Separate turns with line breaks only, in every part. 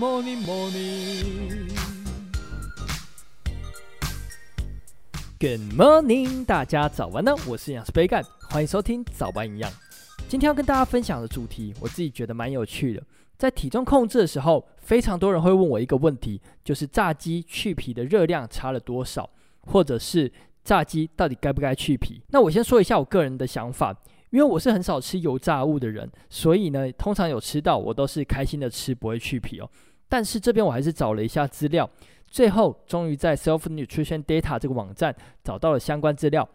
Morning, morning. Good morning, Good morning 大家早安呢！我是營養師杯蓋，歡迎收聽早安營養。今天要跟大家分享的主題，我自己覺得蠻有趣的。在體重控制的時候，非常多人會問我一個問題，就是炸雞去皮的熱量差了多少，或者是炸雞到底該不該去皮？那我先說一下我個人的想法，因為我是很少吃油炸物的人，所以呢，通常有吃到我都是開心的吃，不會去皮哦。但是這邊我還是找了一下資料，最後終於在 Self Nutrition Data 這個網站找到了相關資料。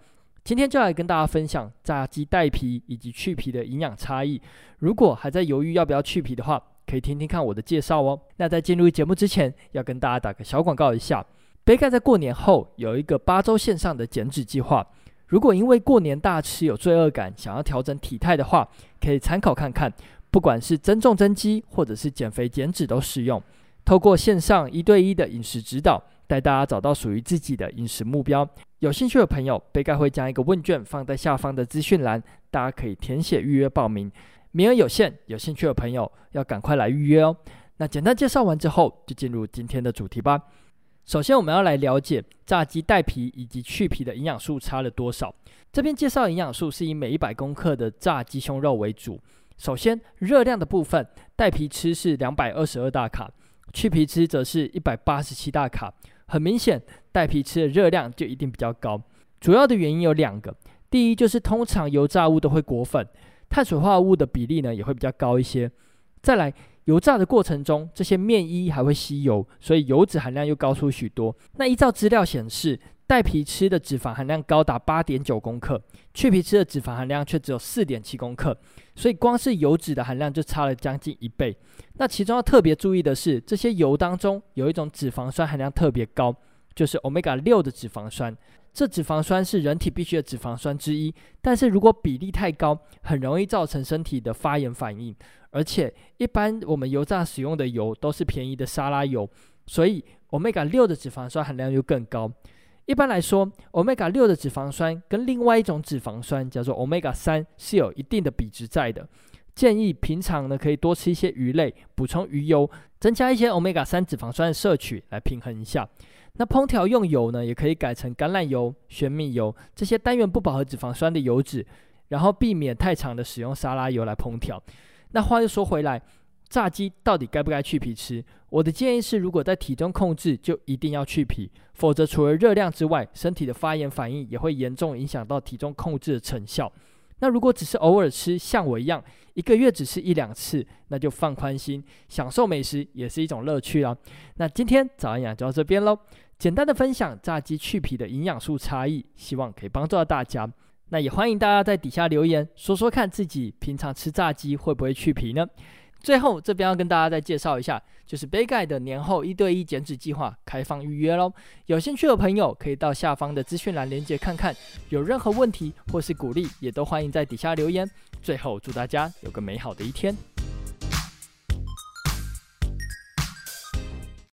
今天就來跟大家分享炸雞帶皮以及去皮的營養差異。如果還在猶豫要不要去皮的話，可以聽聽看我的介紹哦。那在進入節目之前，要跟大家打個小廣告一下。杯蓋在過年後有一個八周線上的減脂計劃，如果因為過年大吃有罪惡感，想要調整體態的話，可以參考看看。不管是增重增肌或者是減肥減脂都適用，透過線上一對一的飲食指導，帶大家找到屬於自己的飲食目標。有興趣的朋友，杯蓋會將一個問卷放在下方的資訊欄，大家可以填寫預約報名，名額有，有限，有興趣的朋友要趕快來預約哦。那簡單介紹完之後，就進入今天的主題吧。首先，我們要來了解炸雞帶皮以及去皮的營養素差了多少。這邊介紹營養素是以每一百公克的炸雞胸肉為主。首先，熱量的部分，帶皮吃是兩百二十二大卡，去皮吃則是一百八十七大卡。很明顯，帶皮吃的熱量就一定比較高。主要的原因有兩個，第一就是通常油炸物都會裹粉，碳水化合物的比例呢也會比較高一些。再來，油炸的過程中，這些麵衣還會吸油，所以油脂含量又高出許多。那依照資料顯示，帶皮吃的脂肪含量高達八點九公克，去皮吃的脂肪含量卻只有四點七公克，所以光是油脂的含量就差了將近一倍。那其中要特別注意的是，這些油當中有一種脂肪酸含量特別高，就是歐米伽六的脂肪酸。這脂肪酸是人體必需的脂肪酸之一，但是如果比例太高，很容易造成身體的發炎反應。而且，一般我們油炸使用的油都是便宜的沙拉油，所以歐米伽六的脂肪酸含量就更高。一般來說，omega 六的脂肪酸跟另外一種脂肪酸，叫做 omega 三，是有一定的比值在的。建議平常呢可以多吃一些魚類，補充魚油，增加一些 omega 三脂肪酸的攝取，來平衡一下。那烹調用油呢，也可以改成橄欖油、玄米油這些單元不飽和脂肪酸的油脂，然後避免太常的使用沙拉油來烹調。那話又說回來。炸雞到底該不該去皮吃？我的建議是，如果在體重控制，就一定要去皮，否則除了熱量之外，身體的發炎反應也會嚴重影響到體重控制的成效。那如果只是偶爾吃，像我一樣，一個月只吃一兩次，那就放寬心，享受美食也是一種樂趣啊。那今天早安營養，就到這邊嘍，簡單的分享炸雞去皮的營養素差異，希望可以幫助到大家。那也歡迎大家在底下留言，說說看自己平常吃炸雞會不會去皮呢？最後，這邊要跟大家再介紹一下，就是杯蓋的年後一對一減脂計劃開放預約嘍。有興趣的朋友可以到下方的資訊欄連結看看。有任何問題或是鼓勵，也都歡迎在底下留言。最後，祝大家有個美好的一天。